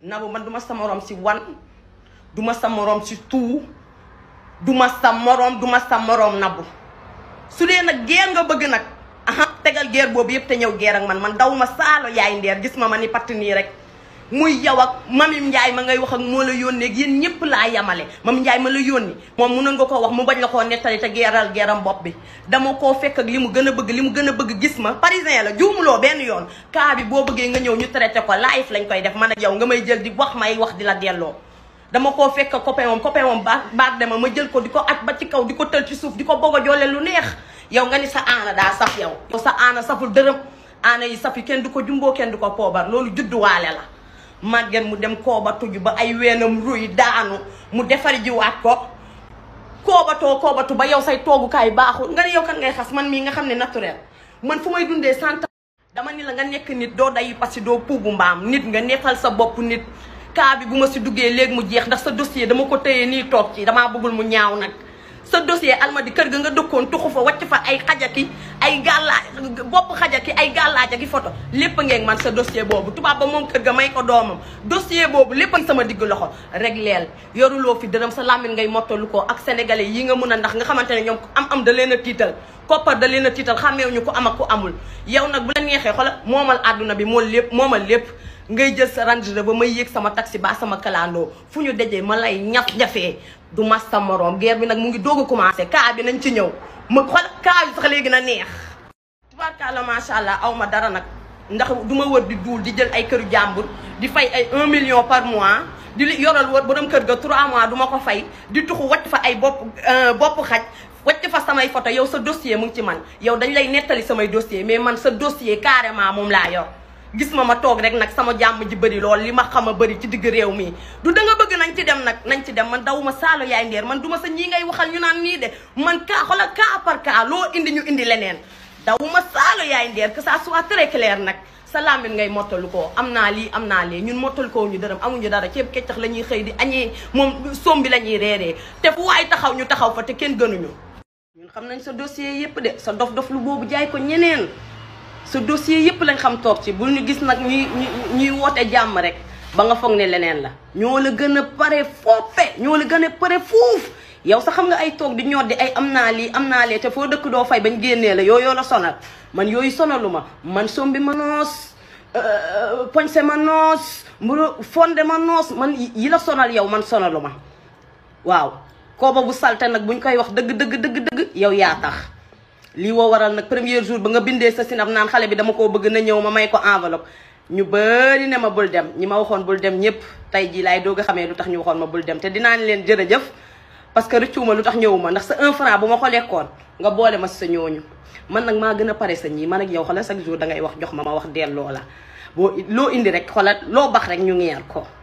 Nabou man du ma sa moroom si wan du ma sa moroom si tout du ma sa morom du ma sa moroom Nabou su leen nag geer nga bëgg nag aha tegal geer boobu yëpp te ñëw geer ak man man daw ma saalo yaay ndeer gis ma ma ni patt nii rek muy yow ak mami Ndiaye ma ngay wax ak moo la yónnee ak yéen ñëpp laa yamale mami njaay ma la yónni moom mënoon nga koo wax mu bañ la koo nettali te geeral geeram bopp bi dama koo fekk ak li mu gën a bëgg li mu gën a bëgg gis ma parisien la juumuloo benn yoon cas bi boo bëggee nga ñëw ñu traité ko live lañ koy def man ak yow nga may jël di wax may wax di la delloo dama koo fekk copain moom copain moom ba baat dema ma jël ko di ko at ba ci kaw di ko tël ci suuf di ko bëgg a joole lu neex yow nga ni sa aana daa saf yow sa aana saful dërëm aana yi saf yi du ko jumboo kenn du ko poobar loolu judduwaale la màgget mu dem kooba tuju ba ay weenam ruy daanu mu defar jiwaat ko koobatoo koobatu ba yow say toogukaay baaxul nga ne yow kan ngay xas man mii nga xam ne naturel man fu may dundee sant dama ni la nga nekk nit doo day parce que doo puubu mbaam nit nga neefal sa bopp nit kaa bi bu ma si duggee léegi mu jeex ndax sa dossier dama ko téye nii toog ci damaa bëggul mu ñaaw nag sa dossier almadi kër ga nga dëkkoon tuxu fa wàcc fa ay xajaki ay gàllaa bopp xajaki ay gàllaaja ki photo lépp ngeen man sa dossier boobu tubaab ba moom kër ga may ko doomam dossier boobu lépp sama diggu loxo rek leel yoruloo fi dërëm sa làmmiñ ngay mottalu ko ak sénégalais yi nga mën a ndax nga xamante ne ko am am da leen a tiital koppar da leen a tiital xàmmeew ñu ko am ak ku amul yow nag bu la neexee xoolal moomal àdduna bi moom lépp moomal lépp ngay jël sa Range Rover ba may yéeg sama taxi ba sama kalandoo fu ñu dajee ma lay ñaf jafee du mas sa moroom guerre bi nag mu ngi doog a commencé kaa bi nañ ci ñëw ma xool kaa bi sax léegi na neex tubaarkàlla macha allah aw ma dara nag ndax du ma wër di duul di jël ay këru jàmbur di fay ay 1 million par mois di li yoral wër borom kër ga 3 mois du ko fay di tuxu wacc fa ay bopp euh, bopp xaj wacc fa samay photo yow sa dossier mu ngi ci man yow dañ lay nettali samay dossier mais man sa dossier carrément moom laa yor gis ma ma toog rek nag sama jàmm ji bëri lool li ma xam a bëri ci digg réew mi du da bëgg nañ ci dem nag nañ ci dem man daw ma saalo yaay ndeer man du ma sa ñii ngay waxal ñu naan nii man kaa xoola kaa par kaa loo indi ñu indi leneen daw ma saalo yaay ndeer que ça soit très clair nag sa làmmiñ ngay mottalu koo am naa lii am naa lee ñun mottalu koo ñu dërëm amuñu dara ceeb keccax la ñuy xëy di añee moom sombi la ñuy reeree te fu waay taxaw ñu taxaw fa te kenn gënuñu ñun xam nañ sa dossier yépp de sa dof dof lu boobu jaay ko ñeneen su dossier yëpp lañ xam toog ci bul ñu gis nag ñuy ñuy woote jàmm rek ba nga foog ne leneen la ñoo la gën a pare foofe ñoo la gën a pare fuuf yow sa xam nga ay toog di ñor di ay am naa lii am naa lee te foo dëkk doo fay bañ génnee la yooyu yoo la sonal man yooyu sonalu ma man sombi ma noos euh, euh, poñse ma noos mburu fonde ma noos man yi la sonal yow man sonalu ma waaw kooba bu salte nag buñ koy wax dëgg dëgg dëgg dëgg yow yaa tax lii woo waral nag premier jour ba nga bindee sa sinab naan xale bi dama ko bëgg na ñëw ma may ko enveloppe ñu bëri ne ma bul dem ñi ma waxoon bul dem ñëpp tey jii laay doog a xamee lu tax ñu waxoon ma bul dem te dinaa ne leen jërëjëf parce que rëccuwuma lu tax ñëwuma ndax sa un bu ma ko lekkoon nga boole ma sa ñooñu man nag maa gën a pare sa ñii man ak yow xoolal chaque jour dangay wax jox ma ma wax delloo la boo loo indi rek xoolal loo bax rek ñu ngeer ko